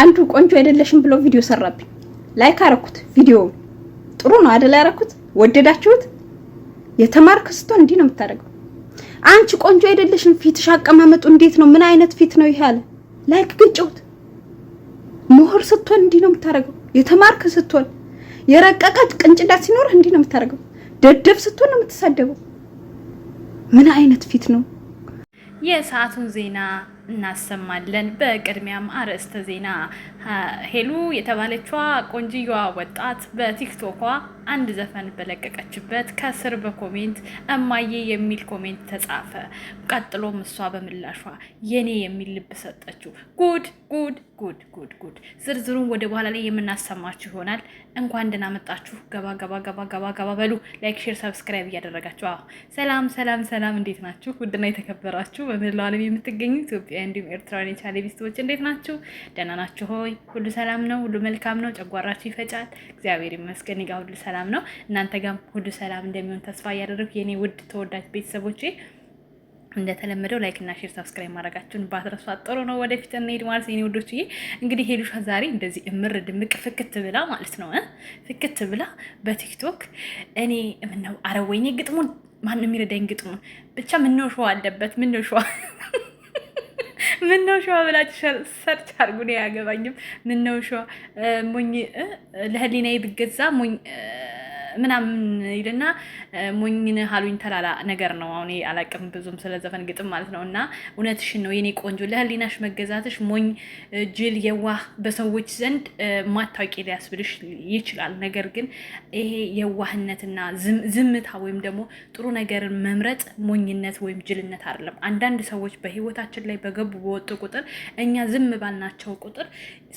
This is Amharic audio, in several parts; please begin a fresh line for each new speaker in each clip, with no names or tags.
አንዱ ቆንጆ አይደለሽም ብሎ ቪዲዮ ሰራብኝ። ላይክ አረኩት። ቪዲዮ ጥሩ ነው አይደል? ያረኩት ወደዳችሁት። የተማርክ ስትሆን እንዲህ ነው የምታደርገው። አንቺ ቆንጆ አይደለሽም፣ ፊትሽ አቀማመጡ እንዴት ነው? ምን አይነት ፊት ነው ይሄ አለ። ላይክ ግጭውት። ምሁር ስትሆን እንዲህ ነው የምታደርገው። የተማርክ ስትሆን የረቀቀ ቅንጭላት ሲኖርህ እንዲህ ነው የምታደርገው። ደደብ ስትሆን ነው የምትሳደበው። ምን አይነት ፊት ነው?
የሰዓቱን ዜና እናሰማለን። በቅድሚያም አርዕስተ ዜና ሄሉ የተባለችዋ ቆንጅየዋ ወጣት በቲክቶኳ አንድ ዘፈን በለቀቀችበት ከስር በኮሜንት እማዬ የሚል ኮሜንት ተጻፈ። ቀጥሎም እሷ በምላሿ የኔ የሚል ልብ ሰጠችው። ጉድ ጉድ ጉድ ጉድ ጉድ! ዝርዝሩን ወደ በኋላ ላይ የምናሰማችሁ ይሆናል። እንኳን ደህና መጣችሁ። ገባ ገባ ገባ ገባ ገባ በሉ። ላይክ፣ ሼር፣ ሰብስክራይብ እያደረጋችሁ አዎ። ሰላም ሰላም ሰላም፣ እንዴት ናችሁ? ውድና የተከበራችሁ በመላው ዓለም የምትገኙ ኢትዮጵያ እንዲሁም ኤርትራን የቻለ ቤተሰቦች እንዴት ናችሁ? ደህና ናችሁ ሆይ? ሁሉ ሰላም ነው፣ ሁሉ መልካም ነው። ጨጓራችሁ ይፈጫል። እግዚአብሔር ይመስገን፣ ጋር ሁሉ ሰላም ነው። እናንተ ጋም ሁሉ ሰላም እንደሚሆን ተስፋ እያደረግኩ የእኔ ውድ ተወዳጅ ቤተሰቦቼ እንደተለመደው ላይክ እና ሼር ሰብስክራይብ ማድረጋችሁን ባትረሱ። ጥሩ ነው፣ ወደፊት እንሄድ ማለት ነው። ውዶች ዬ እንግዲህ ሄዱሻ ዛሬ እንደዚህ እምር ድምቅ ፍክት ብላ ማለት ነው ፍክት ብላ በቲክቶክ እኔ ምነው አረወኝ ግጥሙን ማንም የሚረዳኝ ግጥሙን ብቻ ምነው ሸዋ አለበት ምነው ሸዋ ምነው ሸዋ ብላችሁ ሰርች አድርጉ። ነው አያገባኝም። ምነው ሸዋ ሞኝ ለህሊናዬ ብገዛ ሞኝ ምናምን ይልና ሞኝን ሀሉኝ ተላላ ነገር ነው። አሁን አላቅም ብዙም ስለ ዘፈን ግጥም ማለት ነው። እና እውነትሽን ነው የኔ ቆንጆ፣ ለህሊናሽ መገዛትሽ ሞኝ፣ ጅል፣ የዋህ በሰዎች ዘንድ ማታወቂ ሊያስብልሽ ይችላል። ነገር ግን ይሄ የዋህነትና ዝምታ ወይም ደግሞ ጥሩ ነገርን መምረጥ ሞኝነት ወይም ጅልነት አይደለም። አንዳንድ ሰዎች በህይወታችን ላይ በገቡ በወጡ ቁጥር እኛ ዝም ባልናቸው ቁጥር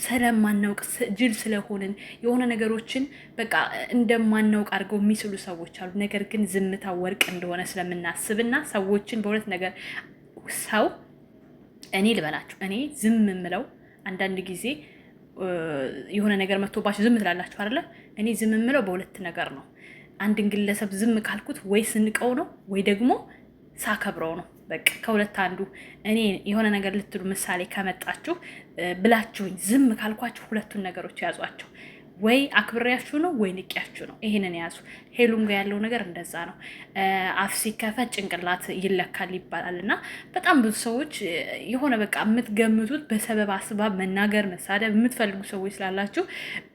ስለማናውቅ ጅል ስለሆንን የሆነ ነገሮችን በቃ እንደማናውቅ በሩቅ አድርገው የሚስሉ ሰዎች አሉ። ነገር ግን ዝምታ ወርቅ እንደሆነ ስለምናስብና ሰዎችን በሁለት ነገር ሰው እኔ ልበላችሁ፣ እኔ ዝም የምለው አንዳንድ ጊዜ የሆነ ነገር መጥቶባችሁ ዝም ትላላችሁ አለ። እኔ ዝም የምለው በሁለት ነገር ነው። አንድን ግለሰብ ዝም ካልኩት ወይ ስንቀው ነው ወይ ደግሞ ሳከብረው ነው። በቃ ከሁለት አንዱ። እኔ የሆነ ነገር ልትሉ ምሳሌ ከመጣችሁ ብላችሁኝ ዝም ካልኳችሁ ሁለቱን ነገሮች ያዟቸው። ወይ አክብሬያችሁ ነው ወይ ንቄያችሁ ነው። ይሄንን ያዙ። ሄሉም ጋር ያለው ነገር እንደዛ ነው። አፍ ሲከፈት ጭንቅላት ይለካል ይባላል እና በጣም ብዙ ሰዎች የሆነ በቃ የምትገምቱት በሰበብ አስባብ መናገር፣ መሳደብ የምትፈልጉ ሰዎች ስላላችሁ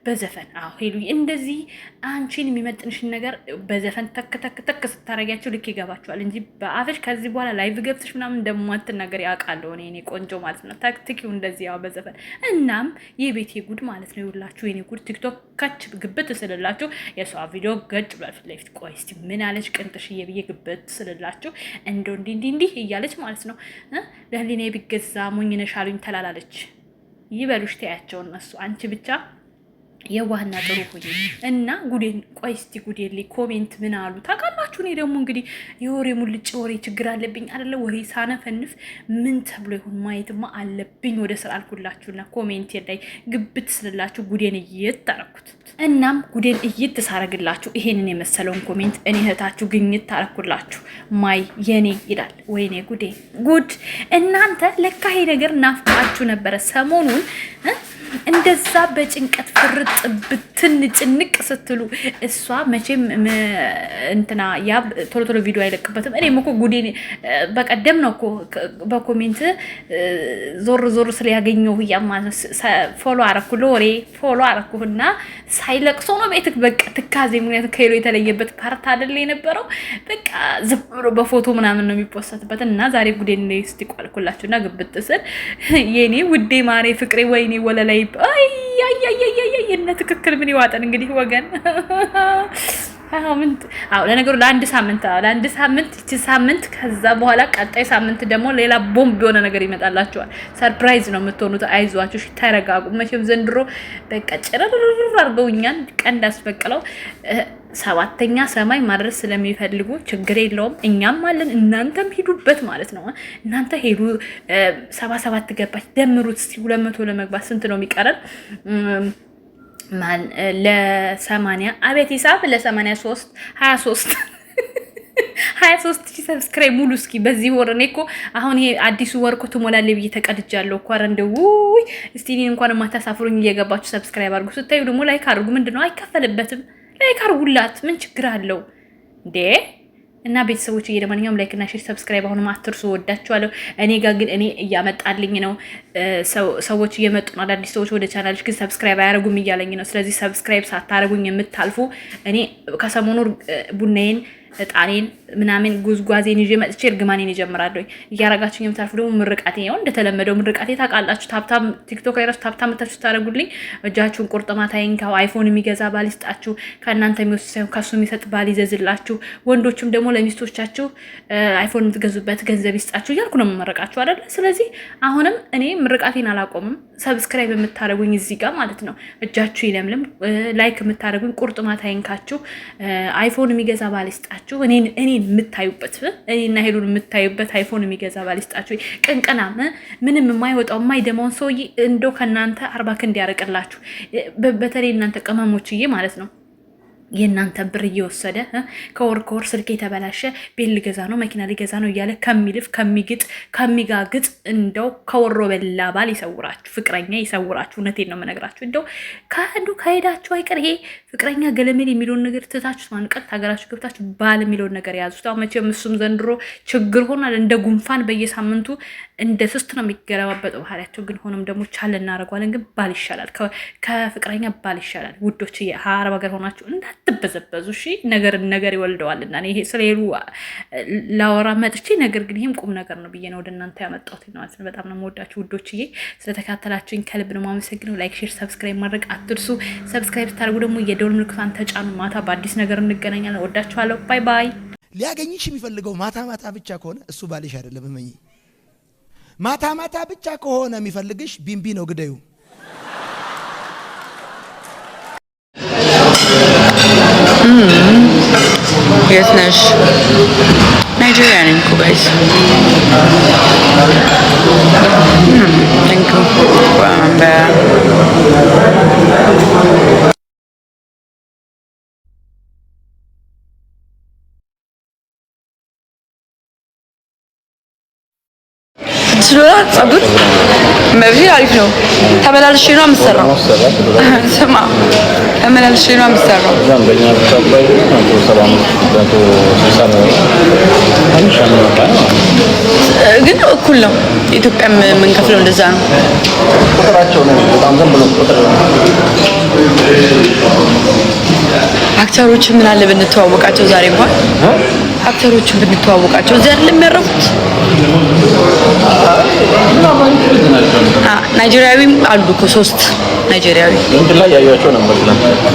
በዘፈን አዎ፣ ሄሉ እንደዚህ አንቺን የሚመጥንሽን ነገር በዘፈን ተክ ተክ ተክ ስታረጊያቸው ልክ ይገባችኋል እንጂ በአፍሽ ከዚህ በኋላ ላይቭ ገብትሽ ምናምን እንደማትናገር ያውቃለሁ እኔ ቆንጆ ማለት ነው። ታክቲኪው እንደዚህ ያው በዘፈን እናም የቤቴ ጉድ ማለት ነው። ይውላችሁ የኔ ጉድ ቲክቶክ ከች ግብት ስልላችሁ የሷ ቪዲዮ ገጭ ብሏል ፊት ለፊት። ቆይ እስኪ ምን አለች ቅንጥሽዬ ብዬ ግብት ስልላችሁ እንደ እንዲህ እንዲህ እንዲህ እያለች ማለት ነው። ለህሊና ቢገዛ ሞኝ ነሽ አሉኝ ተላላለች። ይበሉሽ ተያቸው እነሱ። አንቺ ብቻ የዋህና ጥሩ ሁኝ እና ጉዴን ቆይ እስኪ ጉዴን ኮሜንት ምን አሉ ታውቃለህ? እኔ ደግሞ እንግዲህ የወሬ ሙልጭ ወሬ ችግር አለብኝ አደለ? ወሬ ሳነፈንፍ ምን ተብሎ ይሆን ማየትማ አለብኝ። ወደ ስራ አልኩላችሁና ኮሜንት ላይ ግብት ስልላችሁ ጉዴን እየት አረኩት። እናም ጉዴን እየት ሳረግላችሁ ይሄንን የመሰለውን ኮሜንት እኔ እህታችሁ ግኝት ታረኩላችሁ። ማይ የኔ ይላል። ወይኔ ጉዴ ጉድ! እናንተ ለካ ይሄ ነገር ናፍቃችሁ ነበረ ሰሞኑን እንደዛ በጭንቀት ፍርጥ ብትን ጭንቅ ስትሉ እሷ መቼም እንትና ያ ቶሎ ቶሎ ቪዲዮ አይለቅበትም። እኔም እኮ ጉዴ በቀደም ነው እኮ በኮሜንት ዞር ዞር ስለ ያገኘው ፎሎ አረኩ ሎሬ ፎሎ አረኩና ሳይለቅሶ ነው ቤት በቃ ትካዜ ምክንያት ከሄሎ የተለየበት ፓርት አይደለ የነበረው። በቃ ዝም ብሎ በፎቶ ምናምን ነው የሚፖሰትበት እና ዛሬ ጉዴ ስቲ ቋልኩላችሁና ግብት ስል የኔ ውዴ ማሬ ፍቅሬ ወይኔ ወለላይ እነ ትክክል ምን ይዋጠን እንግዲህ ወገን ሳምንት አዎ፣ ለነገሩ ለአንድ ሳምንት አዎ፣ ለአንድ ሳምንት እቺ ሳምንት። ከዛ በኋላ ቀጣይ ሳምንት ደግሞ ሌላ ቦምብ የሆነ ነገር ይመጣላቸዋል። ሰርፕራይዝ ነው የምትሆኑት። አይዟችሁ፣ ተረጋጉ። መቼም ዘንድሮ በቃ ጭርር አድርገው እኛን ቀንድ አስበቅለው ሰባተኛ ሰማይ ማድረስ ስለሚፈልጉ ችግር የለውም። እኛም አለን፣ እናንተም ሂዱበት ማለት ነው። እናንተ ሄዱ ሰባ ሰባት ገባች፣ ደምሩት እስኪ ሁለት መቶ ለመግባት ስንት ነው የሚቀረን? ለሰማንያ አቤት ሂሳብ ለሰማንያ ሶስት ሀያ ሶስት ሀያ ሶስት ሺህ ሰብስክራይብ ሙሉ እስኪ በዚህ ወር እኔ እኮ አሁን ይሄ አዲሱ ወር እኮ ትሞላለህ ብዬ ተቀድጃለሁ እኮ። ኧረ እንደው ውይ እስቲ እኔን እንኳን የማታሳፍሩኝ እየገባችሁ ሰብስክራይብ አድርጉ። ስታዩ ደግሞ ላይክ አድርጉ። ምንድን ነው አይከፈልበትም። ላይክ አድርጉላት። ምን ችግር አለው እንዴ? እና ቤተሰቦች እየደመንኛውም ላይክ እና ሼር ሰብስክራይብ አሁንም አትርሱ። ወዳችኋለሁ። እኔ ጋር ግን እኔ እያመጣልኝ ነው። ሰዎች እየመጡ ነው። አዳዲስ ሰዎች ወደ ቻናሎች ግን ሰብስክራይብ አያደርጉም እያለኝ ነው። ስለዚህ ሰብስክራይብ ሳታደርጉኝ የምታልፉ እኔ ከሰሞኑ ቡናዬን እጣኔን ምናምን ጉዝጓዜን ይዤ መጥቼ እርግማኔን ይጀምራለሁ። እያረጋችሁ የምታልፉ ደግሞ ምርቃቴ ው እንደተለመደው ምርቃቴ ታውቃላችሁ። ታብታብ ቲክቶክ ራሱ ታብታ መታችሁ ታደረጉልኝ። እጃችሁን ቁርጥማታይን ከው አይፎን የሚገዛ ባል ይስጣችሁ። ከእናንተ የሚወስድ ሳይሆን ከሱ የሚሰጥ ባል ይዘዝላችሁ። ወንዶችም ደግሞ ለሚስቶቻችሁ አይፎን የምትገዙበት ገንዘብ ይስጣችሁ እያልኩ ነው የምመረቃችሁ አይደለ። ስለዚህ አሁንም እኔ ምርቃቴን አላቆምም። ሰብስክራይብ የምታደረጉኝ እዚህ ጋር ማለት ነው እጃችሁ ይለምልም። ላይክ የምታደረጉኝ ቁርጥማታይን ካችሁ አይፎን የሚገዛ ባል ይስጣችሁ። ይስጣችሁ። እኔን የምታዩበት እኔና ሄሉን የምታዩበት አይፎን የሚገዛ ባል ይስጣችሁ። ቅንቅናም ምንም የማይወጣው የማይደማውን ሰውዬ እንደው ከእናንተ አርባ ክንድ ያርቅላችሁ። በተለይ እናንተ ቅመሞችዬ ማለት ነው። የእናንተ ብር እየወሰደ ከወር ከወር ስልክ የተበላሸ ቤት ልገዛ ነው መኪና ልገዛ ነው እያለ ከሚልፍ ከሚግጥ ከሚጋግጥ እንደው ከወሮ በላ ባል ይሰውራችሁ፣ ፍቅረኛ ይሰውራችሁ። እውነቴን ነው የምነግራችሁ። እንደው ከአንዱ ከሄዳችሁ አይቀር ይሄ ፍቅረኛ ገለሜል የሚለውን ነገር ትታችሁ ማንቀት ሀገራችሁ ገብታችሁ ባል የሚለውን ነገር ያዙት። መቼም እሱም ዘንድሮ ችግር ሆኗል እንደ ጉንፋን በየሳምንቱ እንደ ሶስት ነው የሚገለባበጠው ባህሪያቸው። ግን ሆኖም ደግሞ ቻል እናደርገዋለን። ግን ባል ይሻላል፣ ከፍቅረኛ ባል ይሻላል። ውዶች አረብ ሀገር ሆናችሁ እንዳትበዘበዙ እሺ። ነገር ነገር ይወልደዋልና ይሄ ስለሌሉ ላወራ መጥቼ፣ ነገር ግን ይህም ቁም ነገር ነው ብዬ ነው ወደ እናንተ ያመጣሁት ማለት ነው። በጣም ነው የምወዳችሁ ውዶችዬ። ስለተካተላችሁኝ ከልብ ነው የማመሰግነው። ላይክ፣ ሼር፣ ሰብስክራይብ ማድረግ አትርሱ። ሰብስክራይብ ስታደርጉ ደግሞ የደውል ምልክቷን ተጫኑ። ማታ በአዲስ ነገር እንገናኛለን። ወዳችኋለሁ። ባይ ባይ።
ሊያገኝሽ የሚፈልገው ማታ ማታ ብቻ ከሆነ እሱ ባልሽ አይደለም። እመኚ ማታ ማታ ብቻ ከሆነ የሚፈልግሽ ቢንቢ ነው ግደዩ።
የት ነሽ? ናይጄሪያ ነኝ እኮ ጋይስ። አምስት ዶላር ጸጉር መብት አሪፍ ነው። ተመላልሼ ነው የምሰራው። ስማ ተመላልሼ ነው የምሰራው። ግን እኩል ነው። ኢትዮጵያ የምንከፍለው እንደዛ ነው። ቁጥራቸው ነው በጣም ዝም ብሎ ቁጥር ነው። አክተሮችን ምን አለ ብንተዋወቃቸው ዛሬ እንኳን አክተሮችን ብንተዋወቃቸው እዚህ አይደለም የሚያረፉት። ናይጄሪያዊም አሉ እኮ ሶስት ናይጄሪያዊ እንትን ላይ ያዩዋቸው ነበር።